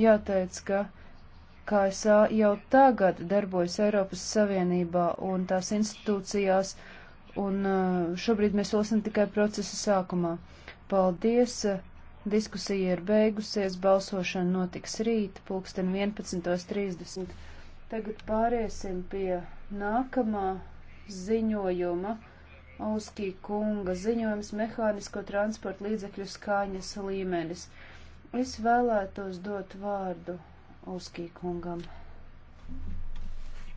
jāteic, ka KSA jau tagad darbojas Eiropas Savienībā un tās institūcijās, un uh, šobrīd mēs esam tikai procesa sākumā. Paldies! Diskusija ir beigusies, balsošana notiks rīt, pulksten 11.30. Tagad pāriesim pie nākamā ziņojuma. Auskī kunga ziņojums mehānisko transporta līdzekļu skāņas līmenis. Es vēlētos dot vārdu Uskī kungam.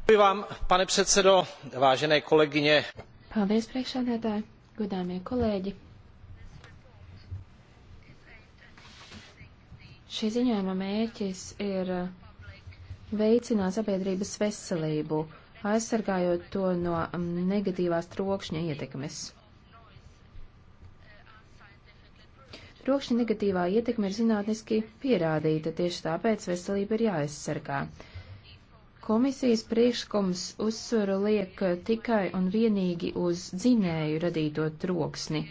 Děkuji vám, pane předsedo, vážené kolegyně. Paldies, priekšādātāji, godāmie kolēģi. Šī ziņojuma mērķis ir veicināt sabiedrības veselību, aizsargājot to no negatīvās trokšņa ietekmes. Rokšņa negatīvā ietekme ir zinātniski pierādīta, tieši tāpēc veselība ir jāaizsargā. Komisijas priekšlikums uzsvaru liek tikai un vienīgi uz dzinēju radīto troksni.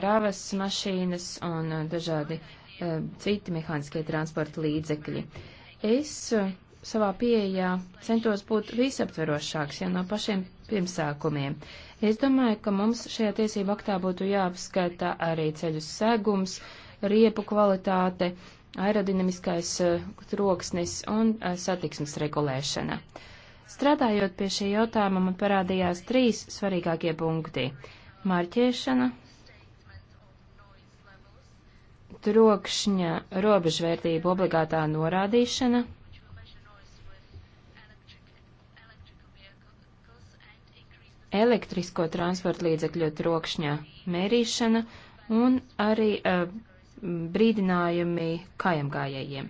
Kravas mašīnas un dažādi e, citi mehāniskie transporta līdzekļi. Es eh, savā pieejā centos būt visaptverošāks, ja no pašiem pirmsākumiem. Es domāju, ka mums šajā tiesību aktā būtu jāapskata arī ceļu segums, riepu kvalitāte, aerodinamiskais eh, troksnis un eh, satiksmes regulēšana. Strādājot pie šī jautājuma, man parādījās trīs svarīgākie punkti - marķēšana, trokšņa robežvērtību obligātā norādīšana elektrisko transporta līdzekļu trokšņa mērīšana un arī uh, brīdinājumi kājamgājējiem.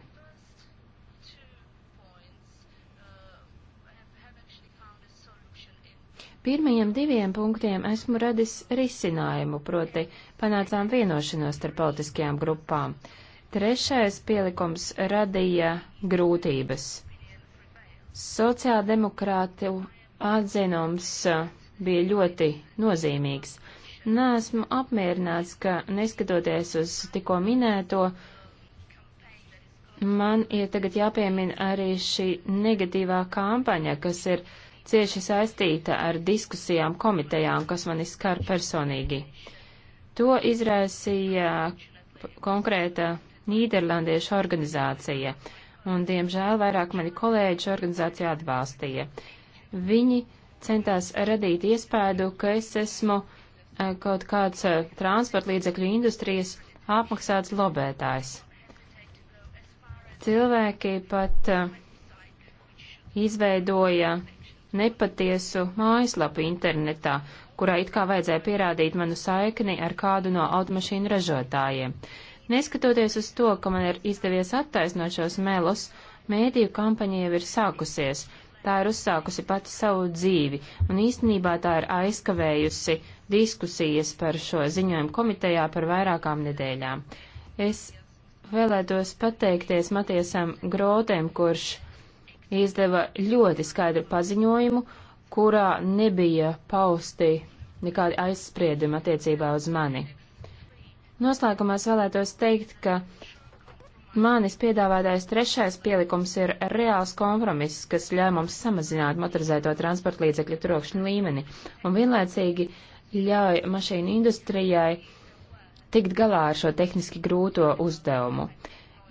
Pirmajiem diviem punktiem esmu radis risinājumu, proti panācām vienošanos starp politiskajām grupām. Trešais pielikums radīja grūtības. Sociāldemokrātu atzinums eh, bija ļoti nozīmīgs. Nāsmu apmierināts, ka neskatoties uz tikko minēto, man ir tagad jāpiemina arī šī negatīvā kampaņa, kas ir cieši saistīta ar diskusijām komitejām, kas man izskar personīgi. To izraisīja konkrēta Nīderlandiešu organizācija, un, diemžēl, vairāk mani kolēģi organizācija atbalstīja. Viņi centās radīt iespēju, ka es esmu eh, kaut kāds eh, transporta līdzekļu industrijas apmaksāts lobētājs. Cilvēki pat eh, izveidoja nepatiesu mājaslapu internetā, kurā it kā vajadzēja pierādīt manu saikni ar kādu no automašīnu ražotājiem. Neskatoties uz to, ka man ir izdevies attaisnot šos melus, mēdīju kampaņa jau ir sākusies, tā ir uzsākusi pati savu dzīvi, un īstenībā tā ir aizkavējusi diskusijas par šo ziņojumu komitejā par vairākām nedēļām. Es vēlētos pateikties Matiesam Grotēm, kurš izdeva ļoti skaidru paziņojumu, kurā nebija pausti nekādi aizspriedumi attiecībā uz mani. Noslēgumā es vēlētos teikt, ka Manis piedāvātais trešais pielikums ir reāls kompromiss, kas ļauj mums samazināt motorizēto transporta līdzekļu trokšņu līmeni un vienlaicīgi ļauj mašīnu industrijai tikt galā ar šo tehniski grūto uzdevumu.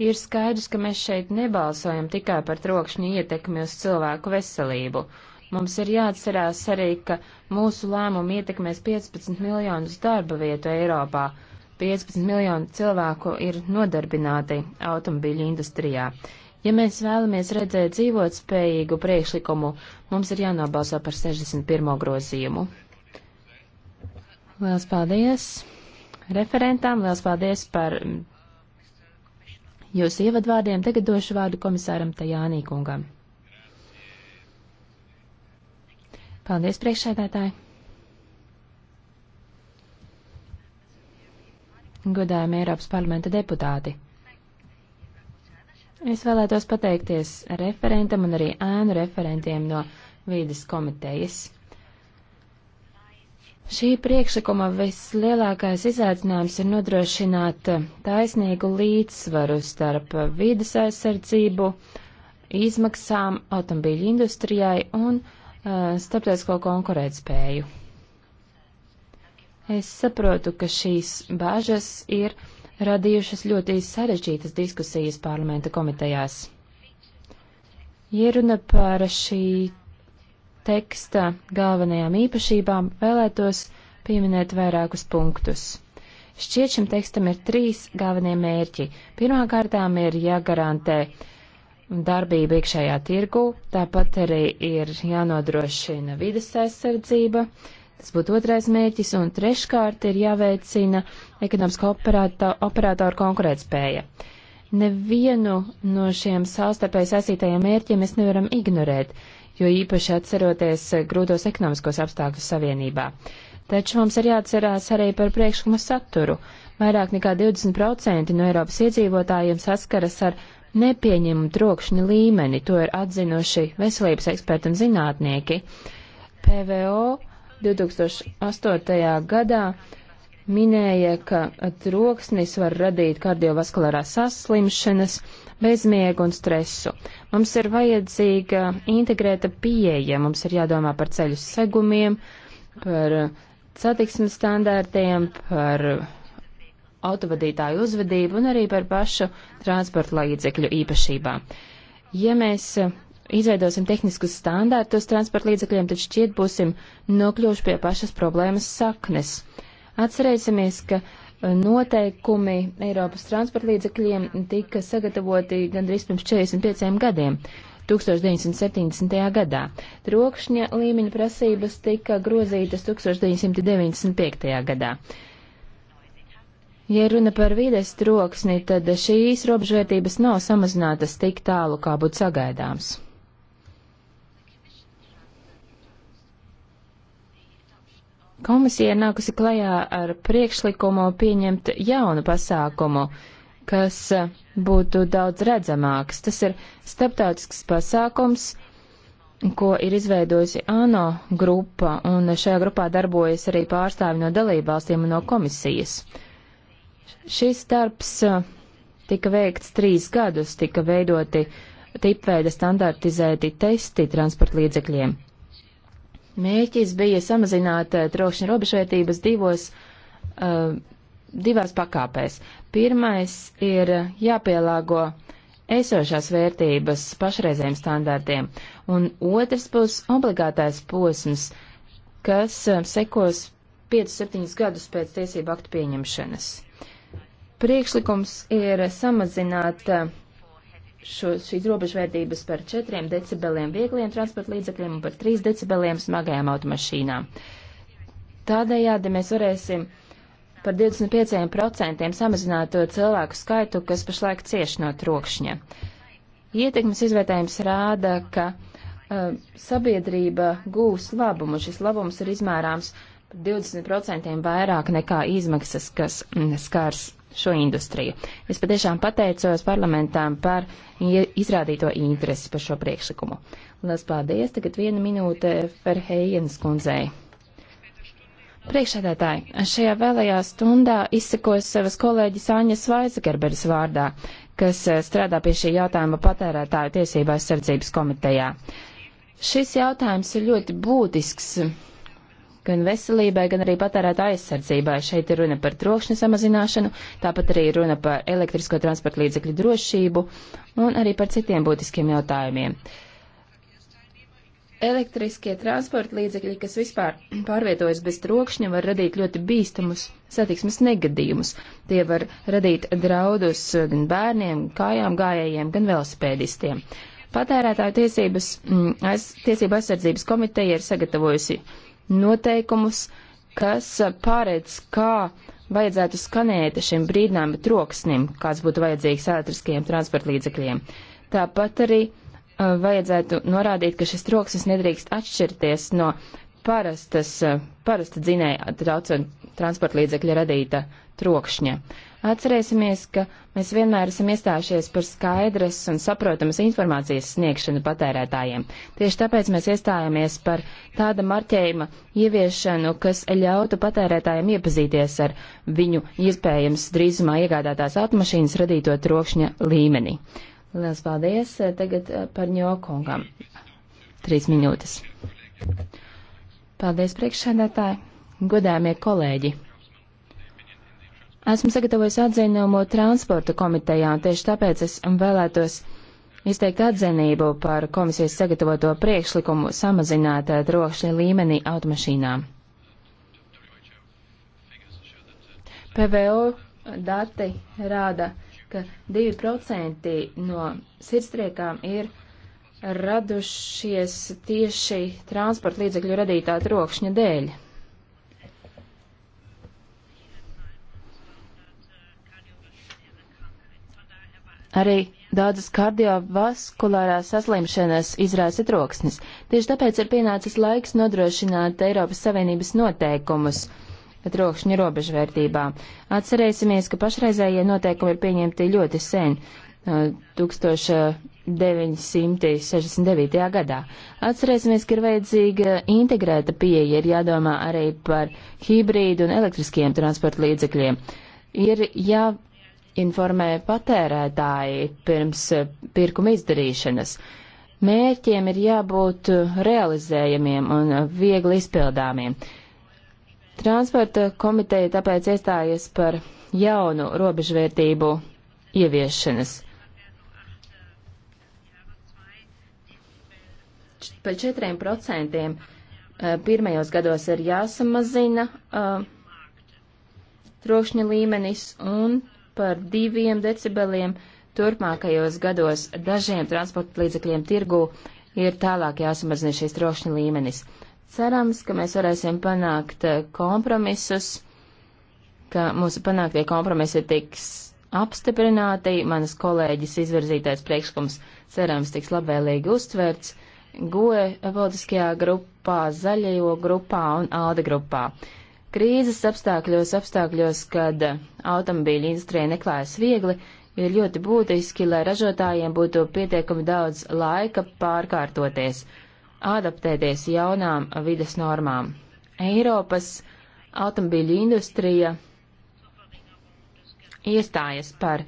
Ir skaidrs, ka mēs šeit nebalsojam tikai par trokšņu ietekmi uz cilvēku veselību. Mums ir jāatcerās arī, ka mūsu lēmumu ietekmēs 15 miljonus darba vietu Eiropā 15 miljonu cilvēku ir nodarbināti automobīļu industrijā. Ja mēs vēlamies redzēt dzīvotspējīgu priekšlikumu, mums ir jānobalso par 61. grozījumu. Liels paldies referentām, liels paldies par jūsu ievadvārdiem. Tagad došu vārdu komisāram Tajānī kungam. Paldies, priekšsēdētāji! godājumi Eiropas parlamenta deputāti. Es vēlētos pateikties referentam un arī ēnu referentiem no vīdes komitejas. Šī priekšlikuma vislielākais izaicinājums ir nodrošināt taisnīgu līdzsvaru starp vidas aizsardzību, izmaksām automobīļu industrijai un uh, starptautisko konkurētspēju. Es saprotu, ka šīs bāžas ir radījušas ļoti sarežģītas diskusijas parlamenta komitejās. Ja runa par šī teksta galvenajām īpašībām, vēlētos pieminēt vairākus punktus. Šķiet šim tekstam ir trīs galvenie mērķi. Pirmkārtām ir jāgarantē darbība iekšējā tirgu, tāpat arī ir jānodrošina vides aizsardzība, uh, Tas būtu otrais mērķis, un treškārt ir jāveicina ekonomiskā operātora konkurētspēja. Nevienu no šiem savstarpēji saistītajiem mērķiem mēs nevaram ignorēt, jo īpaši atceroties grūtos ekonomiskos apstākļus savienībā. Taču mums ir jāatcerās arī par priekšlikuma saturu. Vairāk nekā 20% no Eiropas iedzīvotājiem saskaras ar nepieņemumu trokšņa līmeni, to ir atzinuši veselības eksperti un zinātnieki. PVO 2008. gadā minēja, ka troksnis var radīt kardiovaskulārās saslimšanas, bezmiegu un stresu. Mums ir vajadzīga integrēta pieeja, mums ir jādomā par ceļu segumiem, par satiksmes standārtiem, par autovadītāju uzvedību un arī par pašu transporta līdzekļu īpašībām. Ja mēs izveidosim tehniskus standārtus transporta līdzekļiem, tad šķiet būsim nokļuvuši pie pašas problēmas saknes. Atcerēsimies, ka e, noteikumi Eiropas transporta līdzekļiem tika sagatavoti gandrīz pirms 45 gadiem. 1970. gadā. Trokšņa līmeņa prasības tika grozītas 1995. gadā. Ja runa par vides troksni, tad šīs robežvērtības nav samazinātas tik tālu, kā būtu sagaidāms. Komisija ir nākusi klajā ar priekšlikumu pieņemt jaunu pasākumu, kas būtu daudz redzamāks. Tas ir starptautisks pasākums, ko ir izveidojusi ANO grupa, un šajā grupā darbojas arī pārstāvi no dalībvalstīm un no komisijas. Šis darbs uh, tika veikts trīs gadus, tika veidoti tipveida standartizēti testi transportlīdzekļiem. līdzekļiem. Mēķis bija samazināt eh, trokšņa robežvērtības divos, uh, divās pakāpēs. Pirmais ir jāpielāgo esošās vērtības pašreizējiem standārtiem, un otrs būs obligātais posms, kas eh, sekos 5-7 gadus pēc tiesību aktu pieņemšanas. Priekšlikums ir samazināt uh, šo, šīs robežvērtības par 4 decibeliem viegliem transporta līdzekļiem un par 3 decibeliem smagajām automašīnām. Tādējādi mēs varēsim par 25% samazināt to uh, cilvēku skaitu, kas pašlaik cieš no trokšņa. Ietekmes izvērtējums rāda, ka uh, sabiedrība gūs labumu. Šis labums ir izmērāms 20% vairāk nekā izmaksas, kas mm, skars šo industriju. Es patiešām pateicos parlamentām par izrādīto interesi par šo priekšlikumu. Lielas paldies! Tagad viena minūte Ferheijenas kundzei. Priekšsēdētāji, šajā vēlajā stundā izsekos savas kolēģis Āņas Vaizagerberis vārdā, kas eh, strādā pie šī jautājuma patērētāju tiesībās sardzības komitejā. Šis jautājums ir ļoti būtisks gan veselībai, gan arī patērēta aizsardzībai. Šeit ir runa par trokšņa samazināšanu, tāpat arī runa par elektrisko transporta līdzekļu drošību un arī par citiem būtiskiem jautājumiem. Elektriskie transporta līdzekļi, kas vispār pārvietojas bez trokšņa, var radīt ļoti bīstamus satiksmes negadījumus. Tie var radīt draudus gan bērniem, kājām gājējiem, gan velosipēdistiem. Patērētāju tiesības, mm, aiz, tiesība aizsardzības komiteja ir sagatavojusi noteikumus, kas pārēdz, kā vajadzētu skanēt šim brīdinājuma troksnim, kāds būtu vajadzīgs elektriskajiem transportlīdzekļiem. Tāpat arī uh, vajadzētu norādīt, ka šis troksnis nedrīkst atšķirties no uh, parastas, parasta dzinēja transporta līdzekļa radīta trokšņa. Atcerēsimies, ka mēs vienmēr esam iestājušies par skaidras un saprotamas informācijas sniegšanu patērētājiem. Tieši tāpēc mēs iestājāmies par tāda marķējuma ieviešanu, kas ļautu patērētājiem iepazīties ar viņu iespējams drīzumā iegādātās automašīnas radīto trokšņa līmeni. Lielas paldies! Tagad eh, par ņokongam. Trīs minūtes. Paldies, priekšsēdētāji, godāmie kolēģi! Esmu sagatavojis atzinumu transporta komitejā, un tieši tāpēc es vēlētos izteikt atzinību par komisijas sagatavoto priekšlikumu samazināt eh, drokšļa līmenī automašīnām. PVO dati rāda, ka 2% no sirdstriekām ir radušies tieši transporta līdzekļu radītā trokšņa dēļ. Arī daudzas kardiovaskulārās saslimšanas izraisa troksnis. Tieši tāpēc ir pienācis laiks nodrošināt Eiropas Savienības noteikumus trokšņa robežvērtībā. Atcerēsimies, ka pašreizējie noteikumi ir pieņemti ļoti sen. 1000 969. gadā. Atcerēsimies, ka ir vajadzīga integrēta pieeja, ir jādomā arī par hibrīdu un elektriskiem transporta līdzekļiem. Ir jāinformē patērētāji pirms pirkuma izdarīšanas. Mērķiem ir jābūt realizējamiem un viegli izpildāmiem. Transporta komiteja tāpēc iestājas par jaunu robežvērtību ieviešanas. par 4% eh, pirmajos gados ir jāsamazina uh, trokšņa līmenis un par 2 decibeliem turpmākajos gados dažiem transporta līdzekļiem tirgu ir tālāk jāsamazina šīs trokšņa līmenis. Cerams, ka mēs varēsim panākt eh, kompromisus, ka mūsu panāktie kompromisi tiks apstiprināti, manas kolēģis izvirzītais priekšlikums cerams tiks labvēlīgi uztverts, GOE politiskajā grupā, zaļajo grupā un ALDE grupā. Krīzes apstākļos, apstākļos, kad automobīļu industrija neklājas viegli, ir ļoti būtiski, lai ražotājiem būtu pietiekami daudz laika pārkārtoties, adaptēties jaunām vides normām. Eiropas automobīļu industrija iestājas par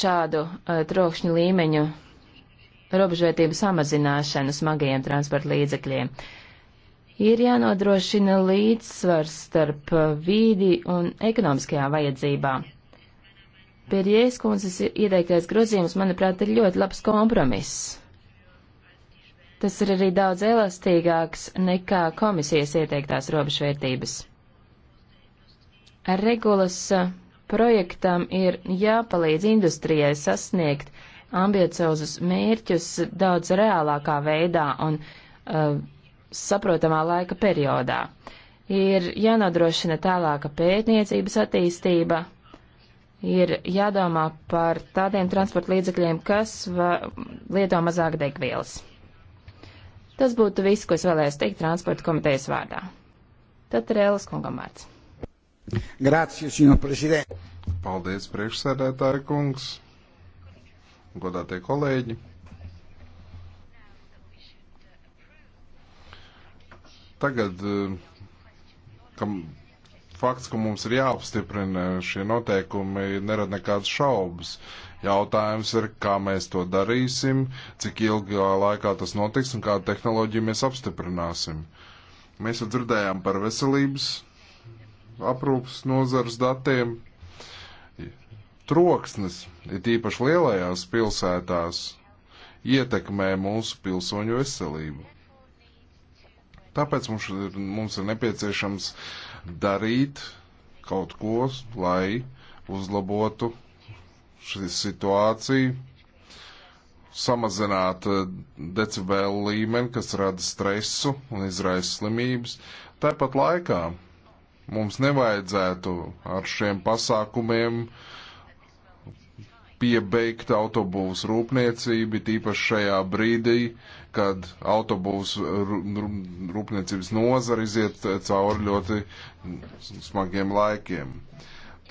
šādu uh, trokšņu līmeņu robežvērtību samazināšanu smagajiem transporta līdzekļiem. Ir jānodrošina līdzsvars starp vīdi un ekonomiskajām vajadzībām. Pērjēs kundzes ieteiktais grozījums, manuprāt, ir ļoti labs kompromiss. Tas ir arī daudz elastīgāks nekā komisijas ieteiktās robežvērtības. Ar regulas eh, projektam ir jāpalīdz industrijai sasniegt ambiciozus mērķus daudz reālākā veidā un uh, saprotamā laika periodā. Ir jānodrošina tālāka pētniecības attīstība, ir jādomā par tādiem transporta līdzekļiem, kas lieto mazāk degvielas. Tas būtu viss, ko es vēlējos teikt transporta komitejas vārdā. Tad ir Elas kungam vārds. Grācija, signor prezident. Paldies, priekšsēdētāja kungs godātie kolēģi. Tagad, eh, kam fakts, ka mums ir jāapstiprina šie noteikumi, nerada nekādas šaubas. Jautājums ir, kā mēs to darīsim, cik ilgā laikā tas notiks un kādu tehnoloģiju mēs apstiprināsim. Mēs jau dzirdējām par veselības aprūpas nozars datiem, troksnis, it īpaši lielajās pilsētās, ietekmē mūsu pilsoņu veselību. Tāpēc mums ir, mums ir nepieciešams darīt kaut ko, lai uzlabotu šī situācija, samazināt eh, decibelu līmeni, kas rada stresu un izraisa slimības. Tāpat laikā mums nevajadzētu ar šiem pasākumiem uh, piebeigt autobūvas rūpniecību, tīpaši šajā brīdī, kad autobūvas rūpniecības nozara iziet cauri ļoti smagiem laikiem.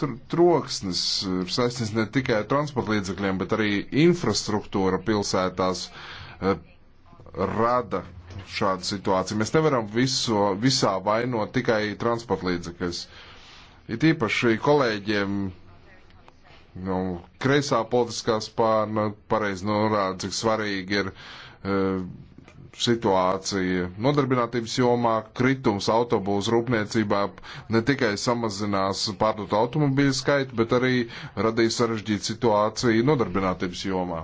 Tur troksnis ir saistīts ne tikai ar transporta līdzekļiem, bet arī infrastruktūra pilsētās eh, rada šādu situāciju. Mēs nevaram viso, visā vainot tikai transporta līdzekļus. It īpaši kolēģiem nu, kreisā politiskā spārna pareizi norāda, cik svarīgi ir uh, situācija nodarbinātības jomā, kritums autobūs rūpniecībā ne tikai samazinās pārdot automobīļu skaitu, bet arī radīs sarežģītu situāciju nodarbinātības jomā.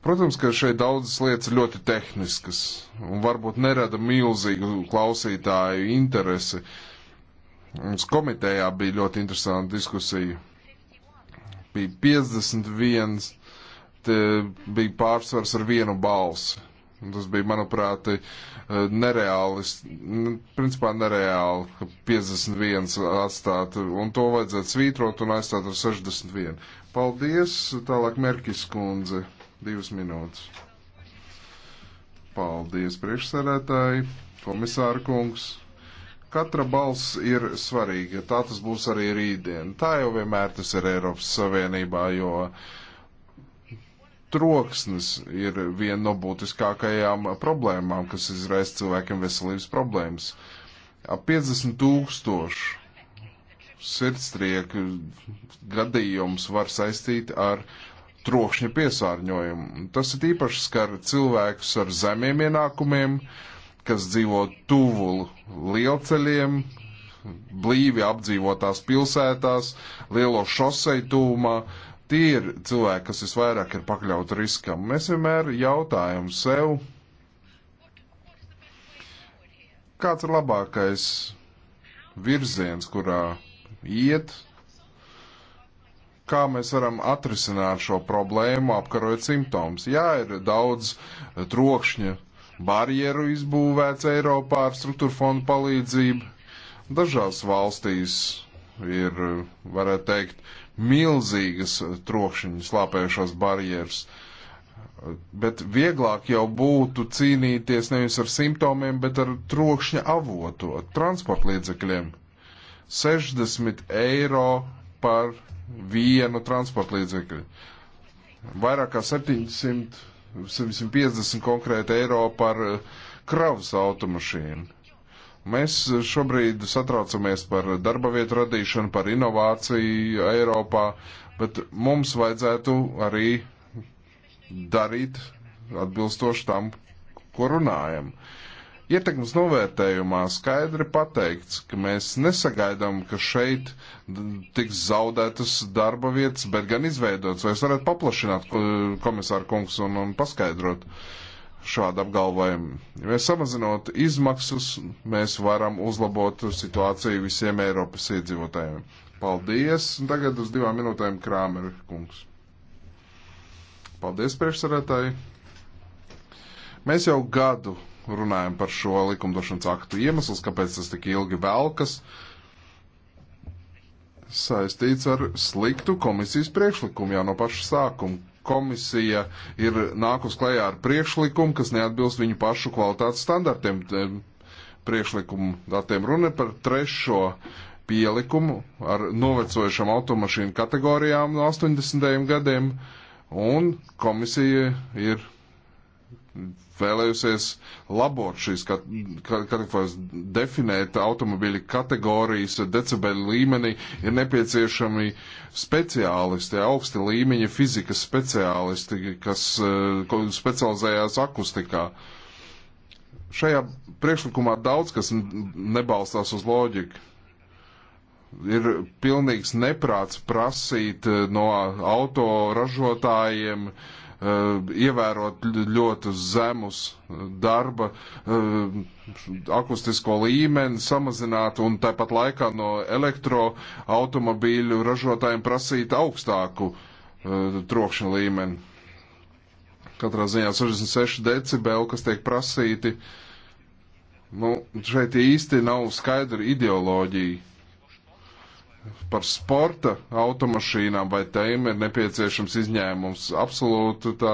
Protams, ka šeit daudzas lietas ir ļoti tehniskas un varbūt nerada milzīgu klausītāju interesi. Uh, Mums komitejā bija ļoti interesanta diskusija. Bija 51, bija pārsvars ar vienu balsi. Tas bija, manuprāt, eh, nereāli, principā nereāli, ka 51 atstāt, un to vajadzētu svītrot un aizstāt ar 61. Paldies, tālāk Merkis kundze, divas minūtes. Paldies, priekšsēdētāji, komisāra kungs. Katra balss ir svarīga. Tā tas būs arī rītdien. Tā jau vienmēr tas ir Eiropas Savienībā, jo troksnis ir viena no būtiskākajām problēmām, kas izraisa cilvēkiem veselības problēmas. Ap 50 tūkstošu sirdstrieku gadījums var saistīt ar trokšņa piesārņojumu. Tas ir īpaši skar cilvēkus ar zemiem ienākumiem, uh, kas dzīvo tuvu lielceļiem, blīvi apdzīvotās pilsētās, lielo šoseju tūmā. Tie ir cilvēki, kas visvairāk ir pakļauti riskam. Mēs vienmēr jautājam sev, kāds ir labākais virziens, kurā iet, kā mēs varam atrisināt šo problēmu, apkarojot simptomus. Jā, ir daudz trokšņa barjeru izbūvēts Eiropā ar struktūra fondu palīdzību. Dažās valstīs ir, varētu teikt, milzīgas trokšņas slāpējušās barjeras. Bet vieglāk jau būtu cīnīties nevis ar simptomiem, bet ar trokšņa avotu, ar transporta līdzekļiem. 60 eiro par vienu transporta līdzekļu. Vairāk kā 700 750 konkrēti eiro par eh, kravas automašīnu. Mēs eh, šobrīd satraucamies par darba vietu radīšanu, par inovāciju Eiropā, bet mums vajadzētu arī darīt atbilstoši tam, ko runājam. Uh, Ietekmes novērtējumā skaidri pateikts, ka mēs nesagaidām, ka šeit tiks zaudētas darba vietas, bet gan izveidotas. Vai es varētu paplašināt, komisāra kungs, un, un paskaidrot šādu apgalvojumu? Vai samazinot izmaksas, mēs varam uzlabot situāciju visiem Eiropas iedzīvotājiem. Paldies! Un tagad uz divām minūtēm Krāmer kungs. Paldies, priekšsarētāji! Mēs jau gadu runājam par šo likumdošanas aktu iemesls, kāpēc tas tik ilgi velkas, saistīts ar sliktu komisijas priekšlikumu jau no paša sākuma. Komisija ir nākus klajā ar priekšlikumu, kas neatbilst viņu pašu kvalitātes standartiem. Priekšlikumu datiem runa par trešo pielikumu ar novecojušām automašīnu kategorijām no 80. gadiem, un komisija ir vēlējusies labot šīs kategorijas, definēt automobīļa kategorijas decibeli līmenī, ir nepieciešami speciālisti, augsti līmeņa fizikas speciālisti, kas eh, specializējās akustikā. Šajā priekšlikumā daudz kas nebalstās uz loģiku ir pilnīgs neprāts prasīt eh, no autoražotājiem Eh, ievērot ļoti zemus darba eh, akustisko līmeni, samazināt un tāpat laikā no elektroautomobīļu ražotājiem prasīt augstāku eh, trokšņa līmeni. Katrā ziņā 66 decibeli, kas tiek prasīti. Nu, šeit īsti nav skaidra ideoloģija par sporta automašīnām vai tēm ir nepieciešams izņēmums. Absolūti tā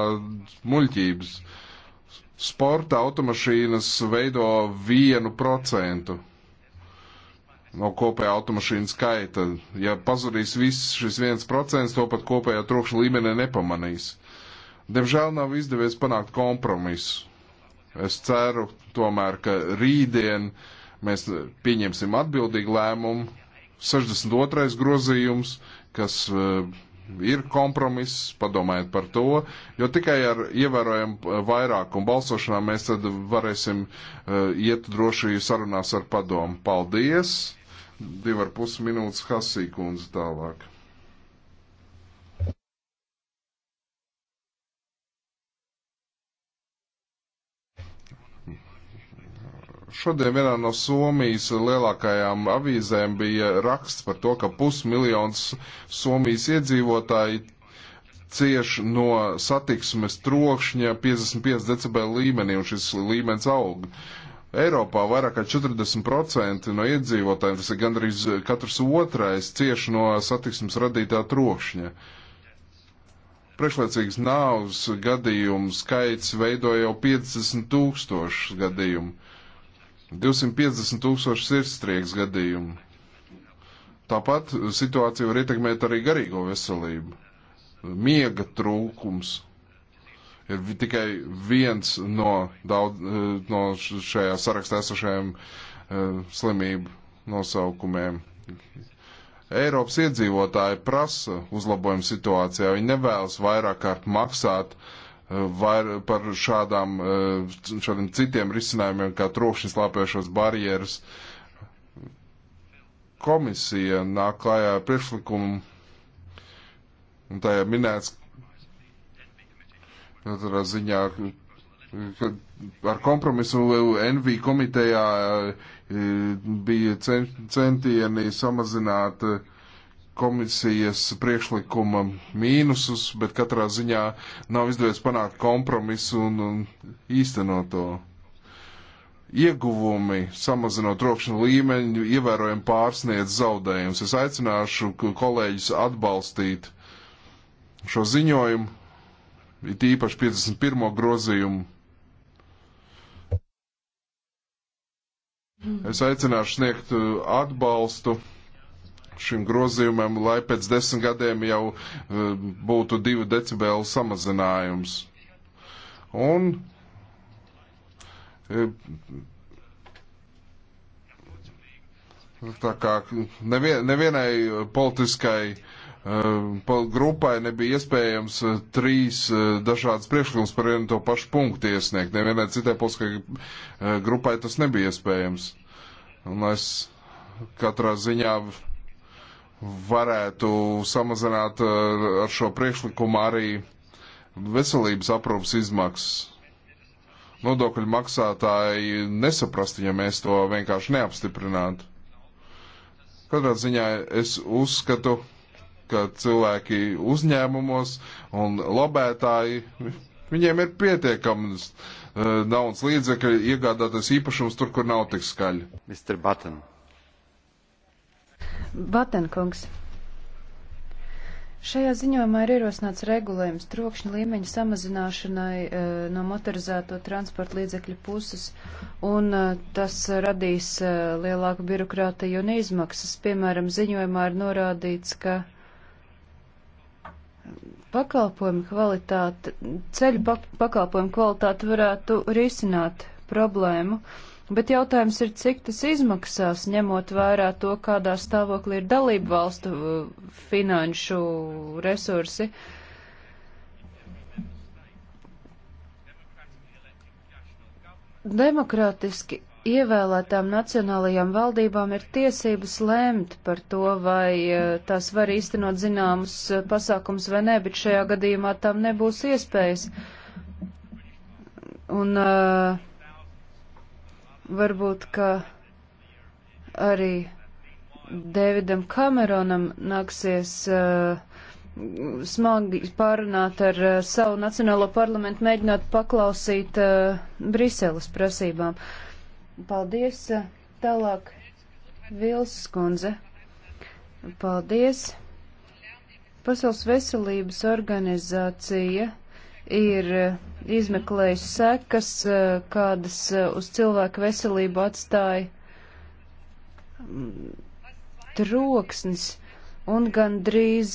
muļķības. Sporta automašīnas veido vienu procentu no kopējā automašīnu skaita. Ja pazudīs viss šis viens procents, to pat kopējā trokšņa līmenī nepamanīs. Diemžēl nav izdevies panākt kompromisu. Es ceru tomēr, ka rītdien mēs pieņemsim atbildīgu lēmumu 62. grozījums, kas eh, ir kompromiss, padomājiet par to, jo tikai ar ievērojumu vairākumu balsošanā mēs tad varēsim eh, iet droši sarunās ar padomu. Paldies! Divar pus minūtes Hasīkundze tālāk. Šodien vienā no Somijas lielākajām avīzēm bija raksts par to, ka pusmiljons Somijas iedzīvotāji cieš no satiksmes trokšņa 55 decibeli līmenī, un šis līmenis aug. Eiropā vairāk kā 40% no iedzīvotājiem, tas ir gandrīz katrs otrais, cieš no satiksmes radītā trokšņa. Priekšlaicīgs nāvs gadījumu skaits veido jau 50 tūkstošu gadījumu. 250 tūkstoši sirdsprieks gadījumu. Tāpat situācija var ietekmēt arī garīgo veselību. Miega trūkums ir tikai viens no, daudz, eh, no šajā sarakstā esošajiem uh, slimību nosaukumiem. Eiropas iedzīvotāji prasa uzlabojumu situācijā. Viņi nevēlas vairāk kārt maksāt uh, var, par šādām, eh, šādiem citiem risinājumiem, kā trokšņa slāpēšos barjeras. Komisija nāk klājā ar priekšlikumu, un tajā minēts, katrā ziņā, ar kompromisu NV komitejā eh, bija centieni samazināt uh, komisijas priekšlikuma mīnusus, bet katrā ziņā nav izdevies panākt kompromisu un, un īstenot to. Ieguvumi, samazinot trokšņa līmeņu, ievērojami pārsniedz zaudējumus. Es aicināšu kolēģis atbalstīt šo ziņojumu, it īpaši 51. grozījumu. Es aicināšu sniegt uh, atbalstu šim grozījumam, lai pēc desmit gadiem jau e, būtu divu decibelu samazinājums. Un e, Tā kā nevien, nevienai politiskai uh, grupai nebija iespējams uh, trīs uh, dažādas priekšlikums par vienu to pašu punktu iesniegt. Nevienai citai politiskai grupai tas nebija iespējams. Un es katrā ziņā varētu samazināt eh, ar šo priekšlikumu arī veselības aprūpas izmaksas. Nodokļu maksātāji nesaprast, ja mēs to vienkārši neapstiprinātu. Katrā ziņā es uzskatu, ka cilvēki uzņēmumos un lobētāji, viņiem ir pietiekams eh, naudas līdzekļi iegādāties īpašums tur, kur nav tik skaļi. Mr. Button. Batenkungs. Šajā ziņojumā ir ierosināts regulējums trokšņa līmeņa samazināšanai e, no motorizēto transporta līdzekļu puses, un e, tas radīs e, lielāku birokrātiju un izmaksas. Piemēram, ziņojumā ir norādīts, ka pakalpojumu kvalitāte, ceļu pakalpojumu kvalitāte varētu risināt problēmu. E, Bet jautājums ir, cik tas izmaksās, ņemot vērā to, kādā stāvoklī ir dalību valstu uh, finanšu resursi. Demokrātiski ievēlētām nacionālajām valdībām ir tiesības lēmt par to, vai uh, tās var īstenot zināmus uh, pasākums vai nē, bet šajā gadījumā tam nebūs iespējas. Un, uh, Varbūt, ka arī Davidam Kameronam nāksies uh, smagi pārunāt ar uh, savu nacionālo parlamentu, mēģināt paklausīt uh, Briseles prasībām. Paldies. Uh, tālāk Vilsas kundze. Paldies. Pasaules veselības organizācija ir eh, izmeklējis sekas, eh, kādas eh, uz cilvēku veselību atstāja mm, troksnis un gandrīz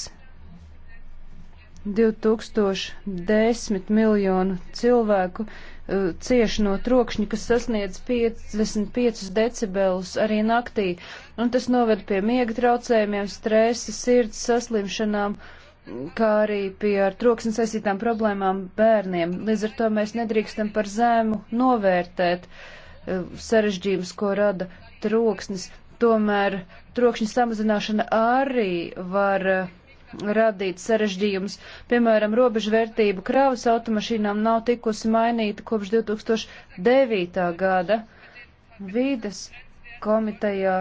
2010 miljonu cilvēku uh, cieši no trokšņa, kas sasniedz 55 decibelus arī naktī, un tas noved pie miega traucējumiem, stresa, sirds saslimšanām. Uh, kā arī pie ar troksni saistītām problēmām bērniem. Līdz ar to mēs nedrīkstam par zēmu novērtēt e, sarežģījums, ko rada troksnis. Tomēr trokšņa samazināšana arī var e, radīt sarežģījumus. Piemēram, robežvērtību kravas automašīnām nav tikusi mainīta kopš 2009. gada. Vīdes komitejā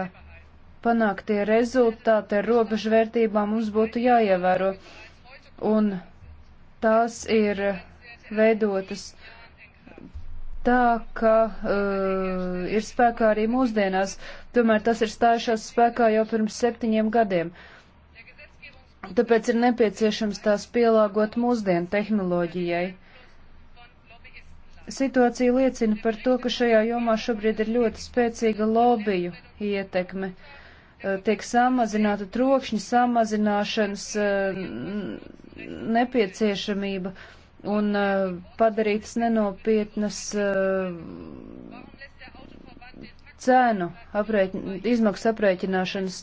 panāktie rezultāti ar robežvērtībām mums būtu jāievēro. Un tās ir veidotas tā, ka uh, ir spēkā arī mūsdienās. Tomēr tas ir stājušās spēkā jau pirms septiņiem gadiem. Tāpēc ir nepieciešams tās pielāgot mūsdienu tehnoloģijai. Situācija liecina par to, ka šajā jomā šobrīd ir ļoti spēcīga lobiju ietekme. Uh, Eh, tiek samazināta trokšņa samazināšanas eh, nepieciešamība un eh, padarītas nenopietnas cēnu aprēķin, izmaksu aprēķināšanas.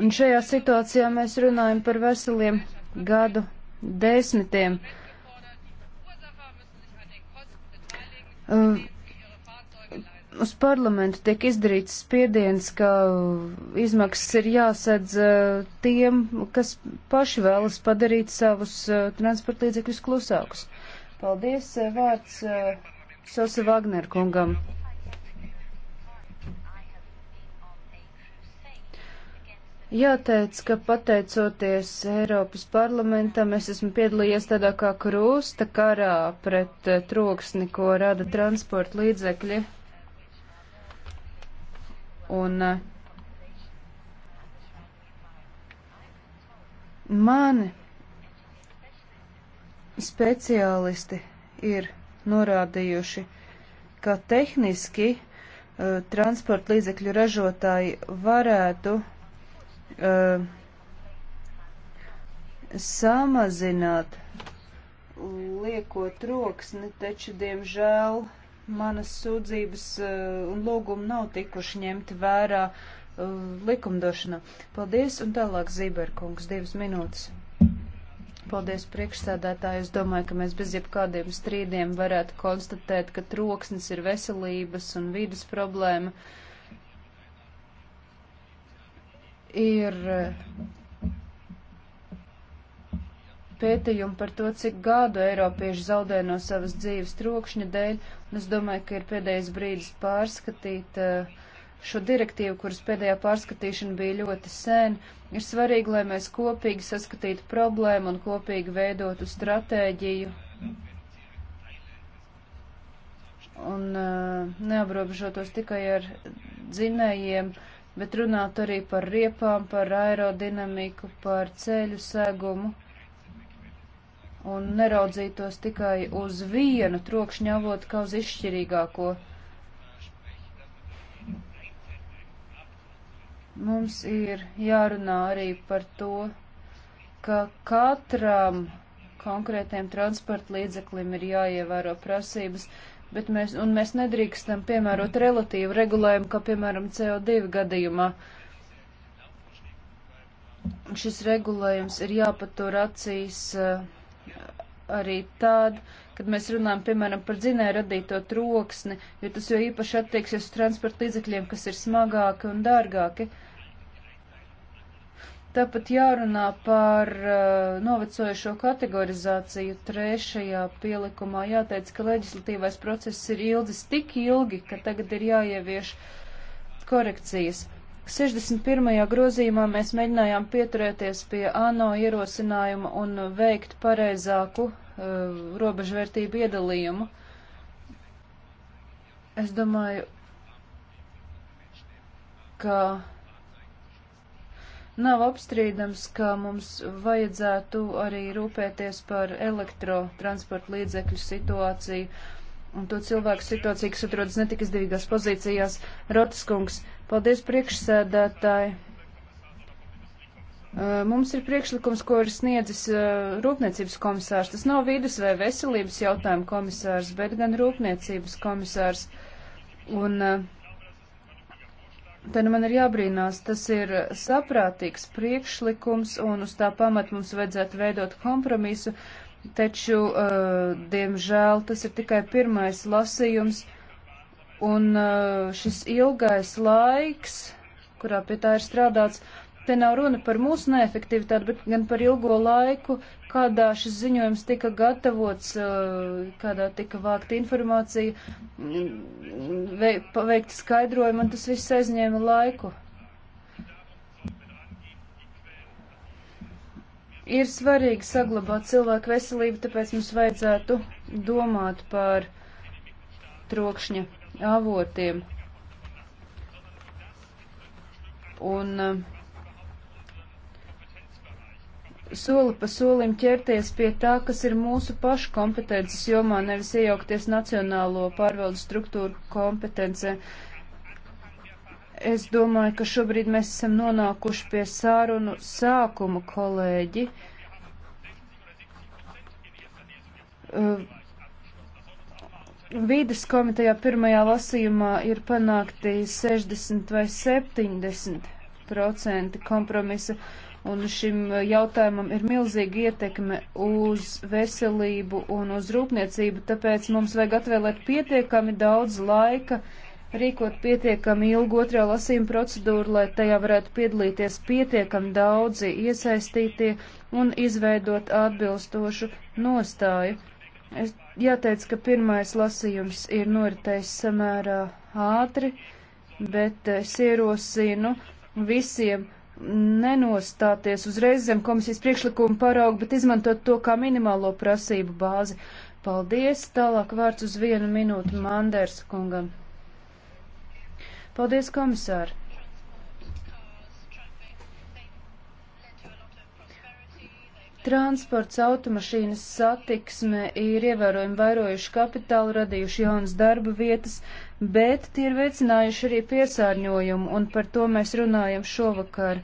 Un šajā situācijā mēs runājam par veseliem gadu desmitiem. Uh, uz parlamentu tiek izdarīts spiediens, ka izmaksas ir jāsadz eh, tiem, kas paši vēlas padarīt savus eh, transporta līdzekļus klusākus. Paldies, eh, vārds Sosa Vagner kungam. Jāteic, ka pateicoties Eiropas parlamentam, es esmu piedalījies tādā kā krūsta karā pret troksni, ko rada transporta līdzekļi Un eh, mani speciālisti ir norādījuši, ka tehniski uh, transporta līdzekļu ražotāji varētu uh, samazināt lieko troksni, taču, diemžēl, uh, manas sūdzības eh, un lūgumi nav tikuši ņemti vērā eh, likumdošanā. Paldies, un tālāk Zīberkungs, divas minūtes. Paldies priekšsēdētāji, es domāju, ka mēs bez jebkādiem strīdiem varētu konstatēt, ka troksnis ir veselības un vidas problēma. Ir eh, pētījumu par to, cik gadu Eiropieši zaudē no savas dzīves trokšņa dēļ, un es domāju, ka ir pēdējais brīdis pārskatīt eh, šo direktīvu, kuras pēdējā pārskatīšana bija ļoti sen. Ir svarīgi, lai mēs kopīgi saskatītu problēmu un kopīgi veidotu stratēģiju un eh, neaprobežotos tikai ar dzinējiem, bet runāt arī par riepām, par aerodinamiku, par ceļu segumu un neraudzītos tikai uz vienu trokšņa avotu kā uz izšķirīgāko. Mums ir jārunā arī par to, ka katram konkrētiem transporta līdzeklim ir jāievēro prasības, bet mēs, un mēs nedrīkstam piemērot relatīvu regulējumu, kā piemēram CO2 gadījumā. Šis regulējums ir jāpatur acīs uh, arī tad, kad mēs runājam, piemēram, par dzinēju radīto troksni, jo tas jau īpaši attieksies uz transporta līdzekļiem, kas ir smagāki un dārgāki. Tāpat jārunā par uh, novecojušo kategorizāciju trešajā pielikumā. Jāteic, ka leģislatīvais process ir ilgs tik ilgi, ka tagad ir jāievieš korekcijas. Uh, 61. grozījumā mēs mēģinājām pieturēties pie ANO ierosinājuma un veikt pareizāku uh, robežvērtību iedalījumu. Es domāju, ka nav apstrīdams, ka mums vajadzētu arī rūpēties par elektrotransporta līdzekļu situāciju un to cilvēku situāciju, kas atrodas netikas divīgās pozīcijās. Rotaskungs, Paldies priekšsēdētāji. Mums ir priekšlikums, ko ir sniedzis rūpniecības komisārs. Tas nav vidas vai veselības jautājuma komisārs, bet gan rūpniecības komisārs. Un tad man ir jābrīnās, tas ir saprātīgs priekšlikums, un uz tā pamat mums vajadzētu veidot kompromisu, taču, diemžēl, tas ir tikai pirmais lasījums. Un uh, šis ilgais laiks, kurā pie tā ir strādāts, te nav runa par mūsu neefektivitāti, bet gan par ilgo laiku, kādā šis ziņojums tika gatavots, uh, kādā tika vākta informācija, paveikti skaidrojumi, un tas viss aizņēma laiku. Ir svarīgi saglabāt cilvēku veselību, tāpēc mums vajadzētu domāt par trokšņa avotiem. Un eh, soli pa solim ķerties pie tā, kas ir mūsu pašu kompetences jomā, nevis iejaukties nacionālo pārvaldu struktūru kompetence. Es domāju, ka šobrīd mēs esam nonākuši pie sārunu sākuma, kolēģi. Uh, Vīdas komitejā pirmajā lasījumā ir panākti 60 vai 70 procenti kompromisa, un šim jautājumam ir milzīga ietekme uz veselību un uz rūpniecību, tāpēc mums vajag atvēlēt pietiekami daudz laika rīkot pietiekami ilgu otrā lasījuma procedūru, lai tajā varētu piedalīties pietiekami daudzi iesaistītie un izveidot atbilstošu nostāju. Es Jāteic, ka pirmais lasījums ir noritējis samērā ātri, bet es ierosinu visiem nenostāties uzreiz zem komisijas priekšlikuma paraugu, bet izmantot to kā minimālo prasību bāzi. Paldies! Tālāk vārds uz vienu minūtu Manders kungam. Paldies, komisāri! Transports, automašīnas satiksme ir ievērojami vairojuši kapitālu, radījuši jaunas darba vietas, bet tie ir veicinājuši arī piesārņojumu, un par to mēs runājam šovakar.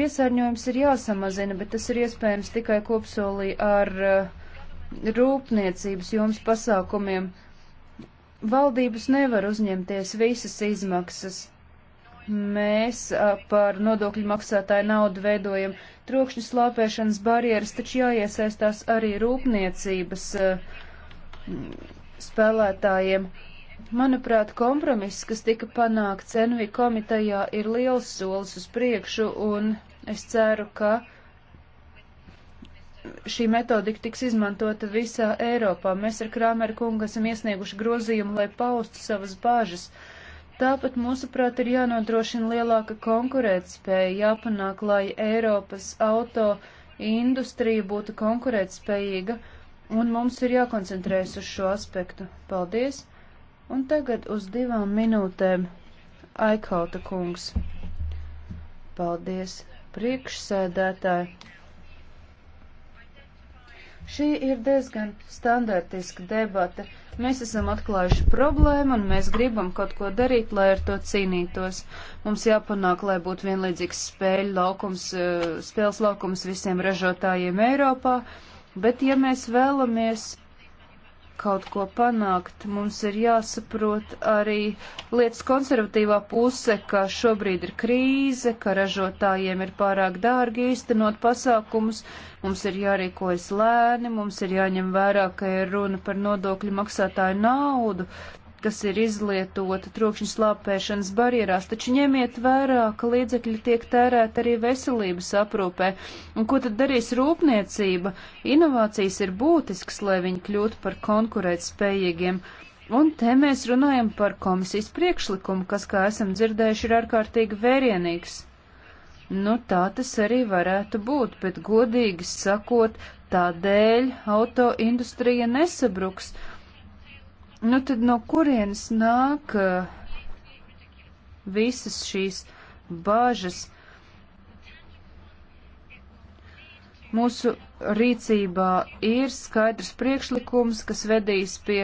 Piesārņojums ir jāsamazina, bet tas ir iespējams tikai kopsolī ar uh, rūpniecības joms pasākumiem. Valdības nevar uzņemties visas izmaksas. Mēs uh, par nodokļu maksātāju naudu veidojam trokšņa slāpēšanas barjeras, taču jāiesaistās arī rūpniecības eh, spēlētājiem. Manuprāt, kompromiss, kas tika panākts NV komitejā, ir liels solis uz priekšu, un es ceru, ka šī metodika tiks izmantota visā Eiropā. Mēs ar Krāmeru kungu esam iesnieguši grozījumu, lai paustu savas bāžas. Uh, Tāpat, mūsuprāt, ir jānodrošina lielāka konkurētspēja, jāpanāk, lai Eiropas auto industrija būtu konkurētspējīga, un mums ir jākoncentrējas uz šo aspektu. Paldies! Un tagad uz divām minūtēm Aikauta kungs. Paldies, priekšsēdētāji! Šī ir diezgan standartiska debata. Mēs esam atklājuši problēmu un mēs gribam kaut ko darīt, lai ar to cīnītos. Mums jāpanāk, lai būtu vienlīdzīgs spēļu laukums, eh, spēles laukums visiem ražotājiem Eiropā, bet ja mēs vēlamies kaut ko panākt, mums ir jāsaprot arī lietas konservatīvā puse, ka šobrīd ir krīze, ka ražotājiem ir pārāk dārgi īstenot pasākumus, mums ir jārīkojas lēni, mums ir jāņem vērā, ka ir runa par nodokļu maksātāju naudu, kas ir izlietota trokšņa slāpēšanas barjerās, taču ņemiet vērā, ka līdzekļi tiek tērēti arī veselības aprūpē. Un ko tad darīs rūpniecība? Inovācijas ir būtisks, lai viņi kļūtu par konkurētspējīgiem. Un te mēs runājam par komisijas priekšlikumu, kas, kā esam dzirdējuši, ir ārkārtīgi vērienīgs. Nu, tā tas arī varētu būt, bet godīgi sakot, tādēļ auto industrija nesabruks, Nu tad no kurienes nāk uh, visas šīs bažas? Mūsu rīcībā ir skaidrs priekšlikums, kas vedīs pie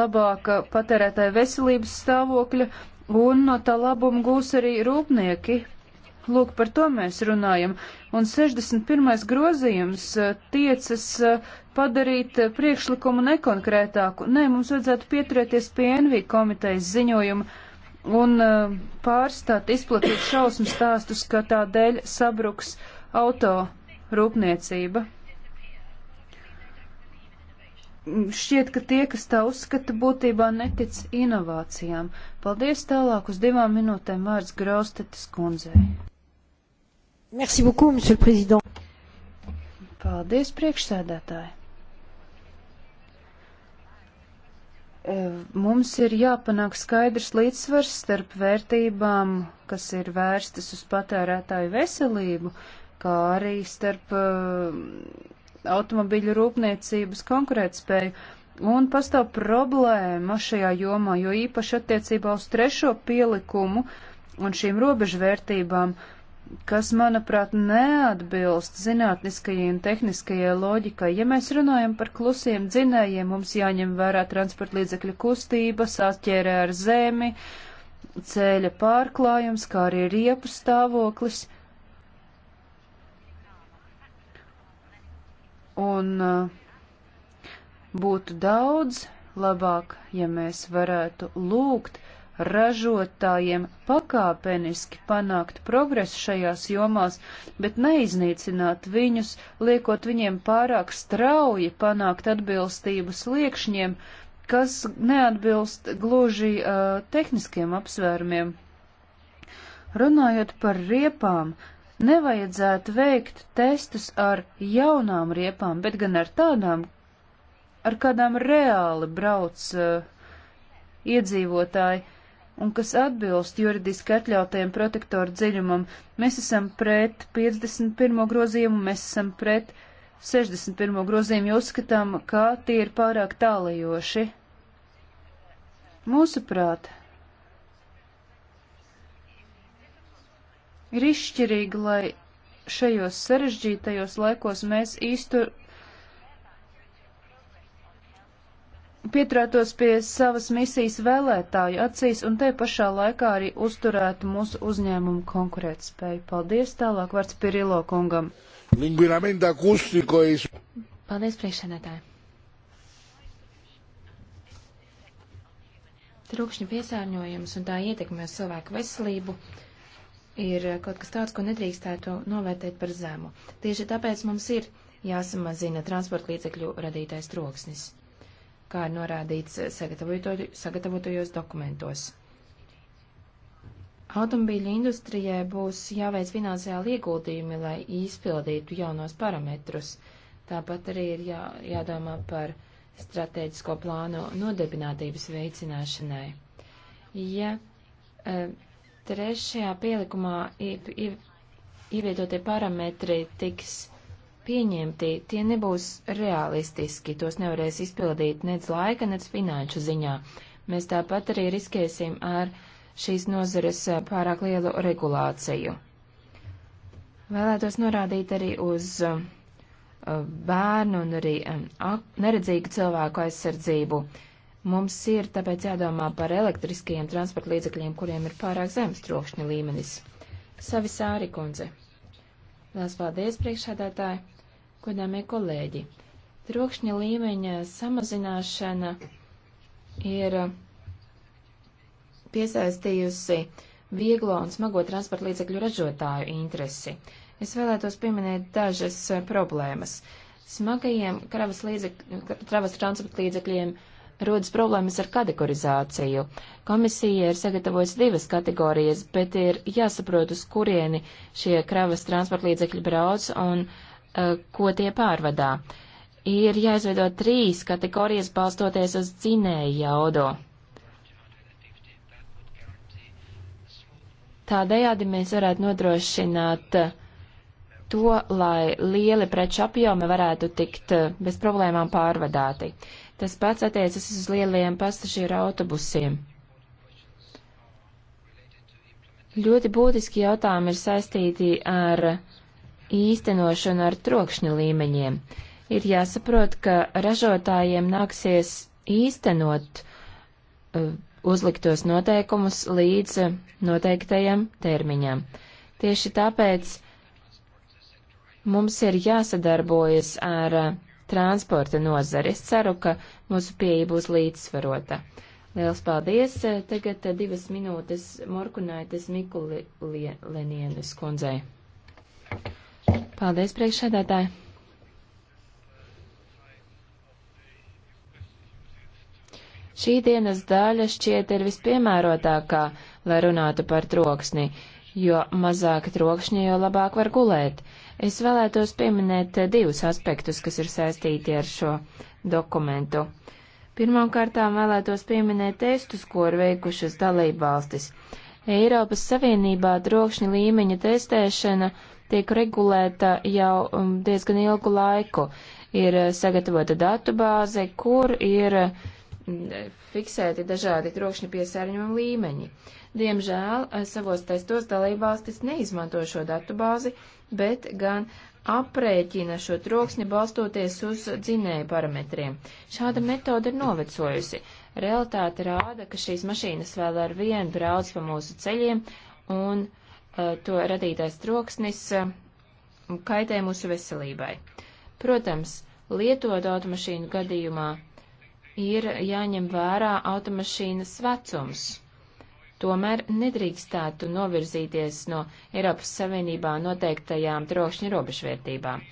labāka patērētāja veselības stāvokļa, un no tā labuma gūs arī rūpnieki. Lūk, par to mēs runājam. Un 61. grozījums uh, tiecas uh, padarīt eh, priekšlikumu nekonkrētāku. Nē, mums vajadzētu pieturēties pie NV komitejas ziņojuma un eh, pārstāt izplatīt šausmu stāstus, ka tā dēļ sabruks auto rūpniecība. Mm, šķiet, ka tie, kas tā uzskata, būtībā netic inovācijām. Paldies tālāk uz divām minūtēm vārds Graustetes kundzei. Merci beaucoup, monsieur le président. Paldies, priekšsēdētāji. E, mums ir jāpanāk skaidrs līdzsvars starp vērtībām, kas ir vērstas uz patērētāju veselību, kā arī starp uh, e, automobiļu rūpniecības konkurētspēju. Un pastāv problēma šajā jomā, jo īpaši attiecībā uz trešo pielikumu un šīm robežvērtībām uh, kas, manuprāt, neatbilst zinātniskajai un tehniskajai loģikai. Ja mēs runājam par klusiem dzinējiem, mums jāņem vērā transporta līdzekļu kustība, sāķērē ar zemi, ceļa pārklājums, kā arī riepu stāvoklis. Un uh, būtu daudz labāk, ja mēs varētu lūgt ražotājiem pakāpeniski panākt progresu šajās jomās, bet neiznīcināt viņus, liekot viņiem pārāk strauji panākt atbilstības liekšņiem, kas neatbilst gluži uh, tehniskiem apsvērumiem. Runājot par riepām, nevajadzētu veikt testus ar jaunām riepām, bet gan ar tādām, ar kādām reāli brauc uh, iedzīvotāji un kas atbilst juridiski atļautajam protektoru dziļumam. Mēs esam pret 51. grozījumu, mēs esam pret 61. grozījumu, jo uzskatām, ka tie ir pārāk tālajoši. Mūsuprāt, ir izšķirīgi, lai šajos sarežģītajos laikos mēs īstu, pieturētos pie savas misijas vēlētāju acīs un te pašā laikā arī uzturētu mūsu uzņēmumu konkurētspēju. Paldies, tālāk vārds Pirilo kungam. Paldies, priekšsēdētāji. Trūkšņa piesārņojums un tā ietekme uz cilvēku veselību ir kaut kas tāds, ko nedrīkstētu novērtēt par zemu. Tieši tāpēc mums ir jāsamazina transporta līdzekļu radītais troksnis kā ir norādīts sagatavotajos dokumentos. Automobīļu industrijai būs jāveic finansiāli ieguldījumi, lai izpildītu jaunos parametrus. Tāpat arī ir jā, jādomā par strateģisko plānu nodarbinātības veicināšanai. Ja e, trešajā pielikumā ievietotie parametri tiks pieņemti, tie nebūs realistiski, tos nevarēs izpildīt nec laika, nec finanšu ziņā. Mēs tāpat arī riskēsim ar šīs nozares pārāk lielu regulāciju. Vēlētos norādīt arī uz bērnu un arī neredzīgu cilvēku aizsardzību. Mums ir tāpēc jādomā par elektriskajiem transporta līdzekļiem, kuriem ir pārāk zemes trokšņa līmenis. Savisāri kundze. Lielas paldies, priekšsēdētāji! Godāmie kolēģi, trokšņa līmeņa samazināšana ir piesaistījusi vieglo un smago transporta līdzekļu ražotāju interesi. Es vēlētos pieminēt dažas problēmas. Smagajiem kravas, līdzek, kravas transporta līdzekļiem rodas problēmas ar kategorizāciju. Komisija ir sagatavojusi divas kategorijas, bet ir jāsaprot, uz kurieni šie kravas transporta līdzekļi brauc un uh, Eh, ko tie pārvadā. Ir jāizveido trīs kategorijas balstoties uz dzinēju jaudu. Tādējādi mēs varētu nodrošināt eh, to, lai lieli preču apjomi varētu tikt eh, bez problēmām pārvadāti. Tas pats attiecas uz lieliem pasažieru autobusiem. Ļoti būtiski jautājumi ir saistīti ar īstenošanu ar trokšņu līmeņiem. Ir jāsaprot, ka ražotājiem nāksies īstenot uh, uzliktos noteikumus līdz uh, noteiktajam termiņam. Tieši tāpēc mums ir jāsadarbojas ar uh, transporta nozari. Es ceru, ka mūsu pieeja būs līdzsvarota. Liels paldies! Tagad divas minūtes Morkunaitis Mikulienienes kundzei. Paldies, priekšsēdētāji. Šī dienas daļa šķiet ir vispiemērotākā, lai runātu par troksni, jo mazāk trokšņa, jo labāk var gulēt. Es vēlētos pieminēt divus aspektus, kas ir saistīti ar šo dokumentu. Pirmkārtām vēlētos pieminēt testus, ko ir veikušas dalībvalstis. Eiropas Savienībā trokšņa līmeņa testēšana tiek regulēta jau um, diezgan ilgu laiku. Ir uh, sagatavota datu bāze, kur ir mm, fiksēti dažādi trokšņa piesārņojuma līmeņi. Diemžēl uh, savos testos dalībvalstis neizmanto šo datu bāzi, bet gan aprēķina šo troksni balstoties uz dzinēju parametriem. Šāda metode ir novecojusi. Realtāte rāda, ka šīs mašīnas vēl ar vienu brauc pa mūsu ceļiem un Uh, to radītais troksnis uh, kaitē mūsu veselībai. Protams, lietot automašīnu gadījumā ir jāņem vērā automašīnas vecums. Tomēr nedrīkstētu novirzīties no Eiropas Savienībā noteiktajām trokšņa robežvērtībām.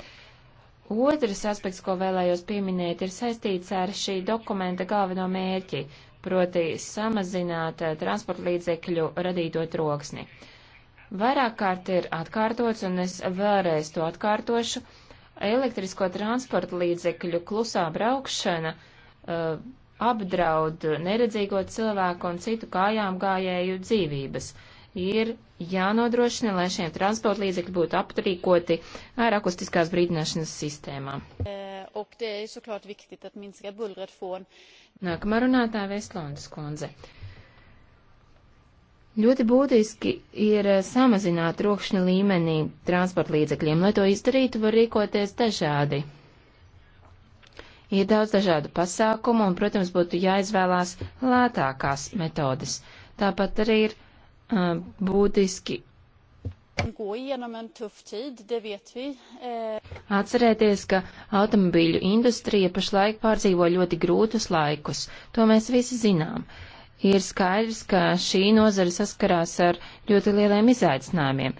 Otrs aspekts, ko vēlējos pieminēt, ir saistīts ar šī dokumenta galveno mērķi, proti samazināt uh, transporta līdzekļu radīto troksni. Uh, Vairāk kārt ir atkārtots, un es vēlreiz to atkārtošu, elektrisko transporta līdzekļu klusā braukšana uh, apdraud neredzīgo cilvēku un citu kājām gājēju dzīvības. Ir jānodrošina, lai šiem transporta līdzekļi būtu aptrīkoti ar akustiskās brīdināšanas sistēmām. Eh, Nākamā runātāja Vestlundas kundze. Ļoti būtiski ir eh, samazināt trokšņa līmenī transporta līdzekļiem. Lai to izdarītu, var rīkoties dažādi. Ir daudz dažādu pasākumu un, protams, būtu jāizvēlās lētākās metodes. Tāpat arī ir uh, būtiski. Atcerēties, ka automobīļu industrija pašlaik pārdzīvo ļoti grūtus laikus. To mēs visi zinām. Uh, ir skaidrs, ka šī nozara saskarās ar ļoti lieliem izaicinājumiem.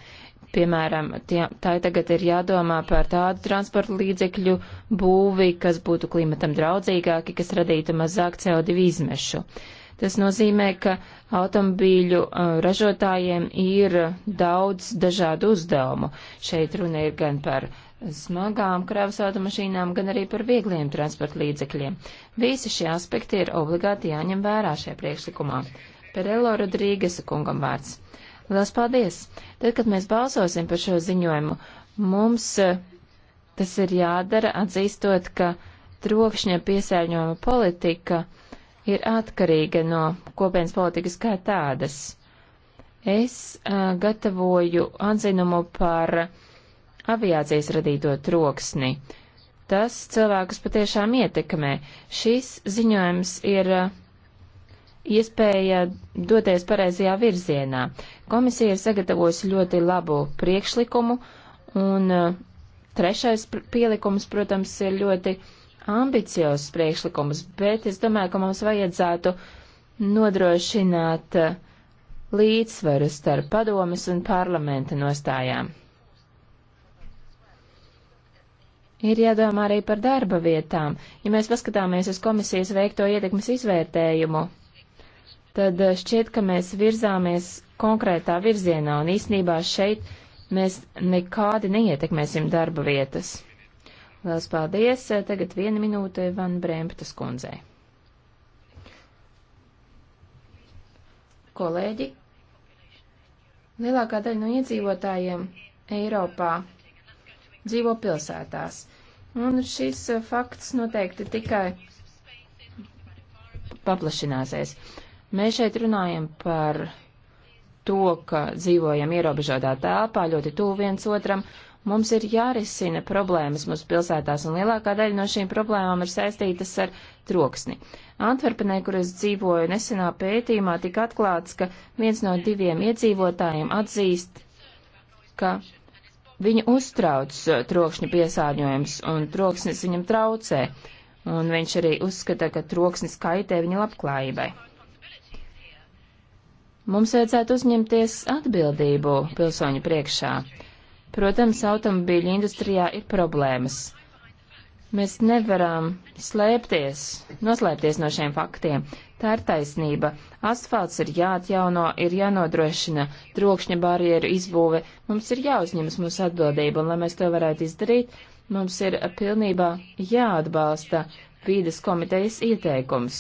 Piemēram, tie, tā tagad ir jādomā par tādu transporta līdzekļu būvi, kas būtu klimatam draudzīgāki, kas radītu mazāk CO2 izmešu. Tas nozīmē, ka automobīļu uh, ražotājiem ir daudz dažādu uzdevumu. Šeit runa ir gan par uh, smagām kravas automašīnām, gan arī par viegliem transporta līdzekļiem. Visi šie aspekti ir obligāti jāņem vērā šajā priekšlikumā. Perelo Rodrīgesa kungam vārds. Lielas paldies! Tad, kad mēs balsosim par šo ziņojumu, mums eh, tas ir jādara atzīstot, ka trokšņa piesārņojuma politika ir atkarīga no kopienas politikas kā tādas. Es uh, gatavoju atzinumu par uh, aviācijas radīto troksni. Tas cilvēkus patiešām ietekmē. Šis ziņojums ir uh, iespēja doties pareizajā virzienā. Komisija ir sagatavojusi ļoti labu priekšlikumu, un uh, trešais pielikums, protams, ir ļoti ambiciozs priekšlikums, bet es domāju, ka mums vajadzētu nodrošināt uh, līdzsvaru starp padomis un parlamenta nostājām. Ir jādomā arī par darba vietām. Ja mēs paskatāmies uz komisijas veikto ietekmes izvērtējumu, tad eh, šķiet, ka mēs virzāmies konkrētā virzienā, un īsnībā šeit mēs nekādi neietekmēsim darba vietas. Lielas paldies! Tagad viena minūte Van Brēmptas kundzei. Kolēģi, lielākā daļa no iedzīvotājiem Eiropā dzīvo pilsētās. Un šis eh, fakts noteikti tikai paplašināsies. Mēs šeit runājam par to, ka dzīvojam ierobežotā telpā, ļoti tuvu viens otram. Mums ir jārisina problēmas mūsu pilsētās, un lielākā daļa no šīm problēmām ir saistītas ar troksni. Antverpenē, kur es dzīvoju, nesenā pētījumā tika atklāts, ka viens no diviem iedzīvotājiem atzīst, ka Viņu uztrauc uh, trokšņa piesārņojums, un troksnis viņam traucē, un viņš arī uzskata, ka troksnis kaitē viņa labklājībai. Mums vajadzētu uzņemties atbildību pilsoņu priekšā. Protams, automobīļu industrijā ir problēmas. Mēs nevaram slēpties, noslēpties no šiem faktiem. Tā ir taisnība. Asfalts ir jāatjauno, ir jānodrošina trokšņa barjeru izbūve. Mums ir jāuzņemas mūsu atbildība, un lai mēs to varētu izdarīt, mums ir pilnībā jāatbalsta vīdes komitejas ieteikums.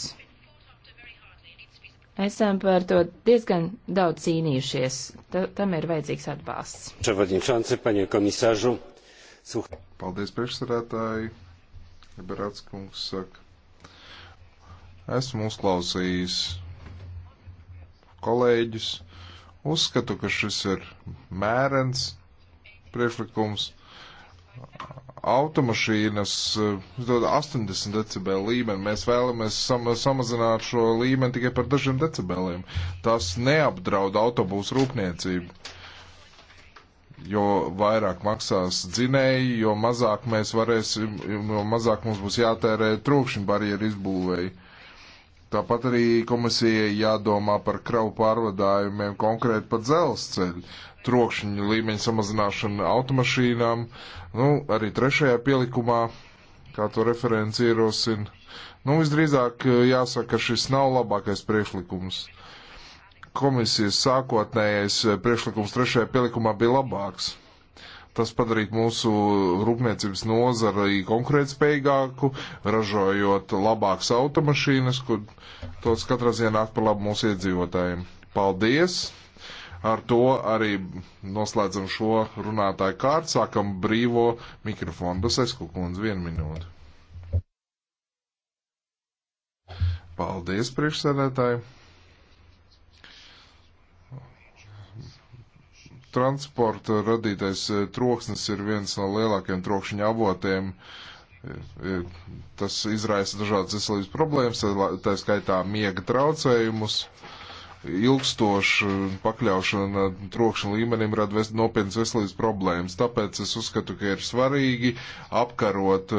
Esam par to diezgan daudz cīnījušies. Ta, tam ir vajadzīgs atbalsts. Paldies, priekšsarētāji! Liberāts kungs saka. Esmu uzklausījis kolēģus. Uzskatu, ka šis ir mērens priekšlikums. Automašīnas 80 decibeli līmeni. Mēs vēlamies sam samazināt šo līmeni tikai par dažiem decibeliem. Tas neapdraud autobūsu rūpniecību jo vairāk maksās dzinēji, jo mazāk mēs varēsim, jo mazāk mums būs jātērē trokšņu barjeru izbūvēji. Tāpat arī komisijai jādomā par kravu pārvadājumiem konkrēti pa dzelzceļu, trokšņu līmeņu samazināšanu automašīnām, nu, arī trešajā pielikumā, kā to referenci ierosina. Nu, visdrīzāk jāsaka, šis nav labākais priekšlikums komisijas sākotnējais eh, priekšlikums trešajā pielikumā bija labāks. Tas padarītu mūsu rūpniecības nozari konkurētspējīgāku, ražojot labākas automašīnas, kur tos katrā ziņā nāk par labu mūsu iedzīvotājiem. Paldies! Ar to arī noslēdzam šo runātāju kārtu, sākam brīvo mikrofonu. Basesku kundze, vienu minūti. Paldies, priekšsēdētāji! Transporta radītais eh, troksnis ir viens no lielākajiem trokšņa avotiem. Eh, eh, tas izraisa dažādas veselības problēmas, tā skaitā miega traucējumus, ilgstoša pakļaušana trokšņa līmenim rada ves, nopietnas veselības problēmas. Tāpēc es uzskatu, ka ir svarīgi apkarot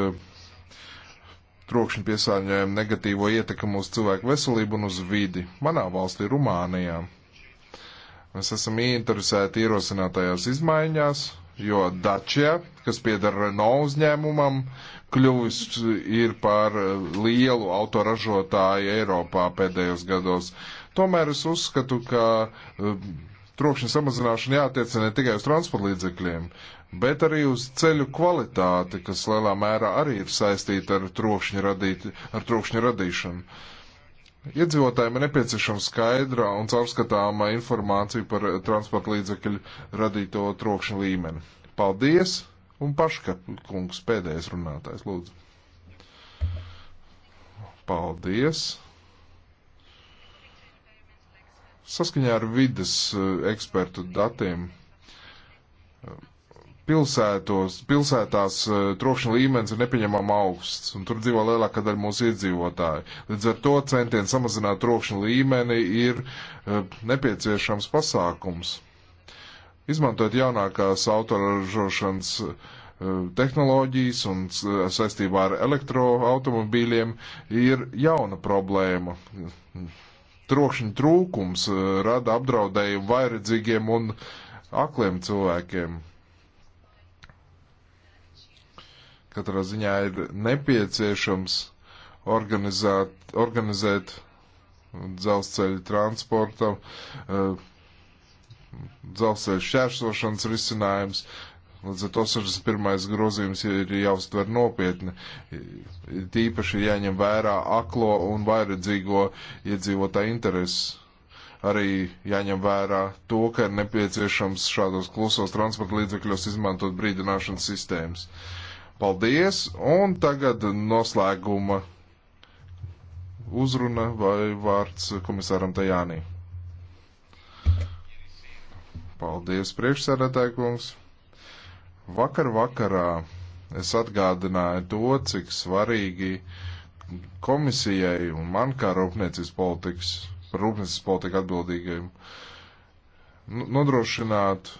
trokšņa piesārņojumu negatīvo ietekmu uz cilvēku veselību un uz vidi. Manā valstī, Rumānijā, Mēs esam ieinteresēti ierosinātajās izmaiņās, jo Dacia, kas pieder Renault uzņēmumam, kļuvis ir par eh, lielu autoražotāju Eiropā pēdējos gados. Tomēr es uzskatu, ka eh, trokšņa samazināšana jātiecina ne tikai uz transporta līdzekļiem, bet arī uz ceļu kvalitāti, kas lielā mērā arī ir saistīta ar trokšņa, radīt, ar trokšņa radīšanu. Iedzīvotājiem ir nepieciešama skaidra un caurskatāmā informācija par transporta līdzekļu radīto trokšņu līmeni. Paldies! Un Paška kungs pēdējais runātājs, lūdzu. Paldies! Saskaņā ar vidas eh, ekspertu datiem pilsētos, pilsētās eh, trokšņa līmenis ir nepieņemama augsts, un tur dzīvo lielākā daļa mūsu iedzīvotāji. Līdz ar to centieni samazināt trokšņa līmeni ir eh, nepieciešams pasākums. Izmantojot jaunākās autoražošanas eh, tehnoloģijas un saistībā ar elektroautomobīļiem ir jauna problēma. Trokšņa trūkums rada apdraudējumu vairedzīgiem un akliem cilvēkiem. Katrā ziņā ir nepieciešams organizēt, organizēt dzelzceļa transporta, eh, dzelzceļa šķērsošanas risinājums. Līdz ar to 61. grozījums ir jāuztver nopietni. Tīpaši jāņem vērā aklo un vairedzīgo iedzīvotāju intereses. Arī jāņem vērā to, ka ir nepieciešams šādos klusos transporta līdzekļos izmantot brīdināšanas sistēmas. Uh, Paldies, un tagad noslēguma uzruna vai vārds komisāram Tajānī. Paldies, priekšsēdētāji kungs. Vakar vakarā es atgādināju to, cik svarīgi komisijai un man kā rūpniecības politikas, par rūpniecības politiku atbildīgajiem nu, nodrošināt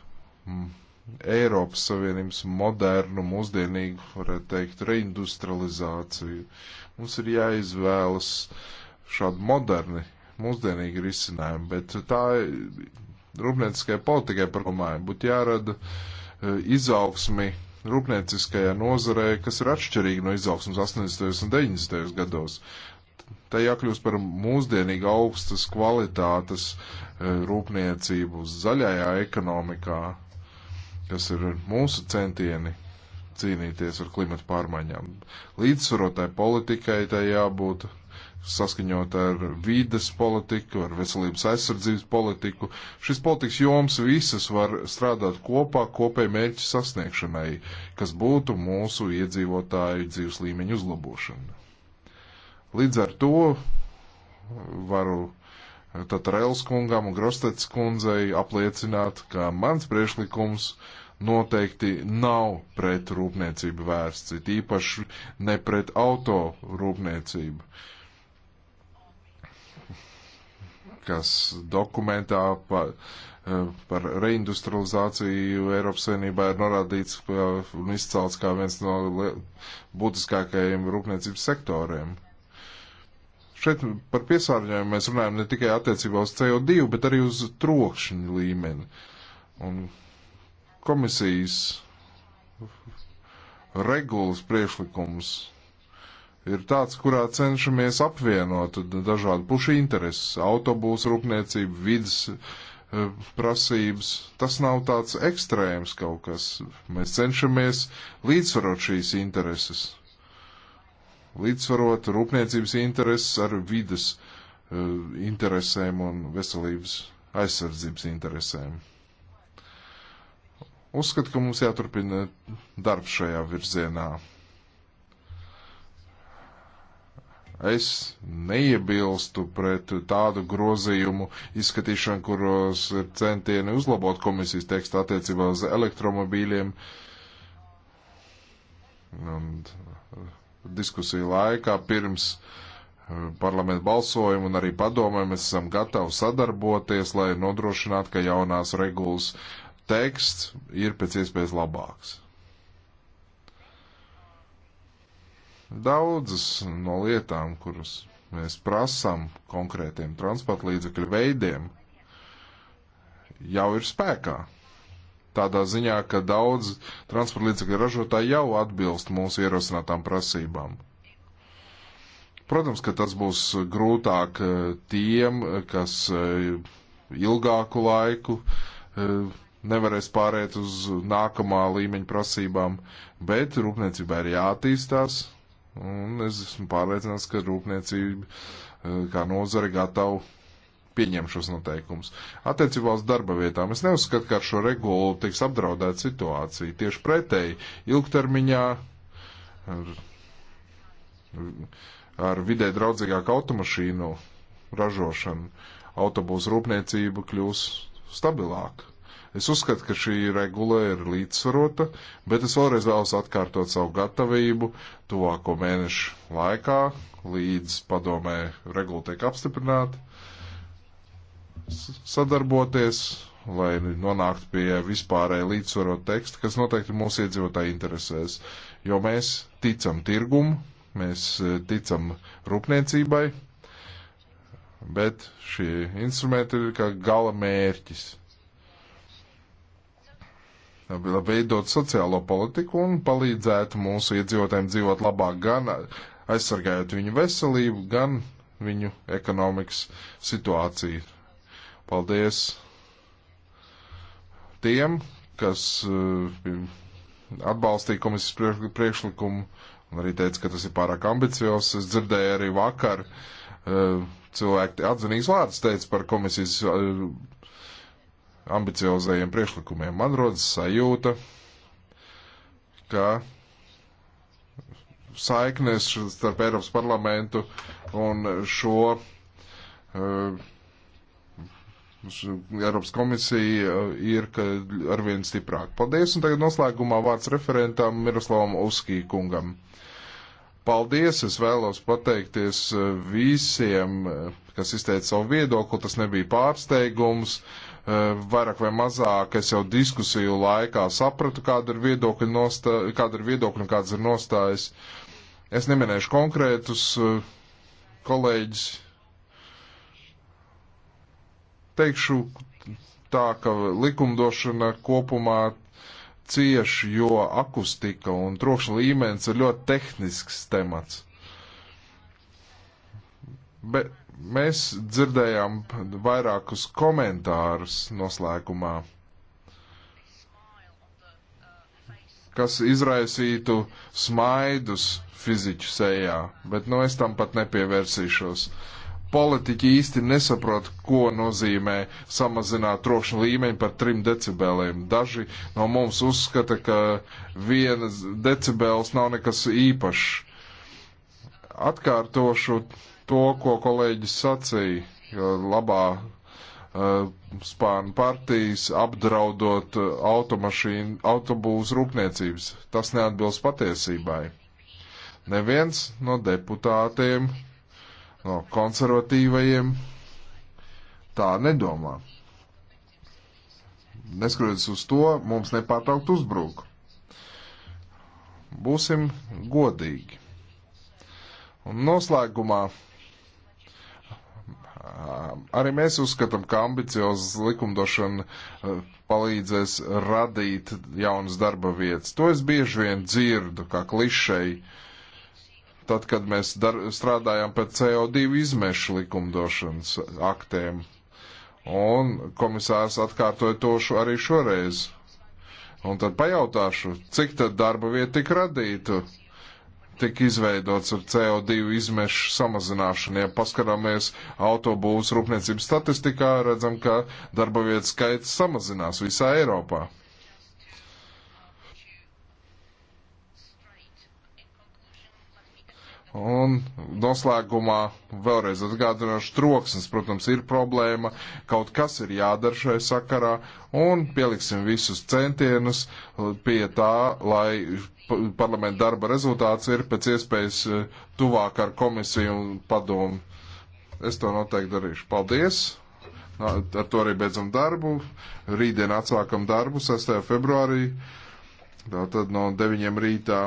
mm, Eiropas Savienības modernu, mūsdienīgu, varētu teikt, reindustrializāciju. Mums ir jāizvēlas šādi moderni, mūsdienīgi risinājumi, bet tā rūpnieciskai politikai, par ko māju, būtu jārada e, izaugsmi rūpnieciskajā nozarē, kas ir atšķirīga no izaugsmas 80. un 90. gados. Tā jākļūst par mūsdienīgi augstas kvalitātes e, rūpniecību zaļajā ekonomikā, kas ir mūsu centieni cīnīties ar klimatu pārmaiņām. Līdzsvarotai politikai tai jābūt saskaņot ar vīdes politiku, ar veselības aizsardzības politiku. Šis politikas joms visas var strādāt kopā kopēji mērķu sasniegšanai, kas būtu mūsu iedzīvotāju dzīves līmeņu uzlabošana. Līdz ar to varu tad Rēls kungam un Grostets kundzei apliecināt, ka mans priešlikums noteikti nav pret rūpniecību vērsts, it īpaši ne pret auto rūpniecību, kas dokumentā pa, eh, par reindustrializāciju Eiropas Savienībā ir norādīts un izcelts kā viens no būtiskākajiem rūpniecības sektoriem. Šeit par piesārņojumu mēs runājam ne tikai attiecībā uz CO2, bet arī uz trokšņa līmeni. Un komisijas regulas priekšlikums ir tāds, kurā cenšamies apvienot dažādu pušu intereses - autobūsu rūpniecību, vidas eh, prasības. Tas nav tāds ekstrēms kaut kas. Mēs cenšamies līdzsvarot šīs intereses līdzsvarot rūpniecības intereses ar vidas eh, interesēm un veselības aizsardzības interesēm. Uzskatu, ka mums jāturpina darbs šajā virzienā. es neiebilstu pret tādu grozījumu izskatīšanu, kuros ir centieni uzlabot komisijas tekstu attiecībā uz elektromobīļiem. Un diskusiju laikā pirms eh, parlamentu balsojumu un arī padomē mēs esam gatavi sadarboties, lai nodrošinātu, ka jaunās regulas teksts ir pēc iespējas labāks. Daudzas no lietām, kuras mēs prasām konkrētiem transporta līdzekļu veidiem, jau ir spēkā tādā ziņā, ka daudz transporta līdzekļu ražotāji jau atbilst mūsu ierosinātām prasībām. Protams, ka tas būs grūtāk eh, tiem, kas eh, ilgāku laiku eh, nevarēs pāriet uz nākamā līmeņa prasībām, bet rūpniecībā ir jātīstās, un es esmu pārliecināts, ka rūpniecība kā nozare gatava pieņem šos noteikumus. Attiecībā uz darba vietām es neuzskatu, ka ar šo regulu tiks apdraudēta situācija. Tieši pretēji, ilgtermiņā ar, ar vidē draudzīgāku automašīnu ražošanu autobūsu rūpniecība kļūs stabilāka. Es uzskatu, ka šī regula ir līdzsvarota, bet es vēlreiz vēlos atkārtot savu gatavību tuvāko mēnešu laikā, līdz padomē regula tiek apstiprināta, sadarboties, lai nonāktu pie vispārēja līdzsvarot teksta, kas noteikti mūsu iedzīvotāji interesēs. Jo mēs ticam tirgumu, mēs eh, ticam rūpniecībai, bet šie instrumenti ir kā gala mērķis. Veidot sociālo politiku un palīdzēt mūsu iedzīvotājiem dzīvot labāk, gan aizsargājot viņu veselību, gan viņu ekonomikas situāciju. Paldies tiem, kas eh, atbalstīja komisijas priekšlikumu un arī teica, ka tas ir pārāk ambiciozs. Es dzirdēju arī vakar eh, cilvēki atzinīgs vārds teica par komisijas eh, ambiciozajiem priekšlikumiem. Man rodas sajūta, ka saiknes starp Eiropas parlamentu un šo uh, Eh, Eiropas komisija eh, ir arvien stiprāk. Paldies, un tagad noslēgumā vārds referentam Miroslavam Uskī kungam. Paldies, es vēlos pateikties eh, visiem, kas izteica savu viedokli, tas nebija pārsteigums, vairāk vai mazāk es jau diskusiju laikā sapratu, kāda ir viedokļa, nostā, kāda ir viedokļa un kādas ir nostājas. Es neminēšu konkrētus kolēģis, teikšu tā, ka likumdošana kopumā cieši, jo akustika un trokšņa līmenis ir ļoti tehnisks temats. Bet mēs dzirdējām vairākus komentārus noslēgumā, kas izraisītu smaidus fiziķu sejā, bet nu es tam pat nepievērsīšos. Uh, politiķi īsti nesaprot, ko nozīmē samazināt trokšņa līmeņu par 3 decibeliem. Daži no mums uzskata, ka viens decibels nav nekas īpašs. Atkārtošu to, ko kolēģis sacīja, labā uh, eh, spānu partijas apdraudot eh, automašīnu, autobūvas rūpniecības. Tas neatbilst patiesībai. Neviens no deputātiem no konservatīvajiem tā nedomā. Neskatoties uz to, mums nepārtraukt uzbruk. Būsim godīgi. Un noslēgumā arī mēs uzskatām, ka ambiciozas likumdošana palīdzēs radīt jaunas darba vietas. To es bieži vien dzirdu, kā klišeji tad, kad mēs dar, strādājām pēc CO2 izmešu likumdošanas aktiem. Un komisārs atkārtoja to šo arī šoreiz. Un tad pajautāšu, cik tad darba vieta tik radītu, tik izveidots ar CO2 izmešu samazināšanu. Ja paskatāmies autobūvas rūpniecības statistikā, redzam, ka darba vietas skaits samazinās visā Eiropā. Un noslēgumā vēlreiz atgādināšu, troksnis, protams, ir problēma, kaut kas ir jādara šai sakarā, un pieliksim visus centienus pie tā, lai parlamenta darba rezultāts ir pēc iespējas e, tuvāk ar komisiju un padomu. Es to noteikti darīšu. Paldies! Ar to arī beidzam darbu. Rītdien atsākam darbu 6. februārī, tātad no 9. rītā.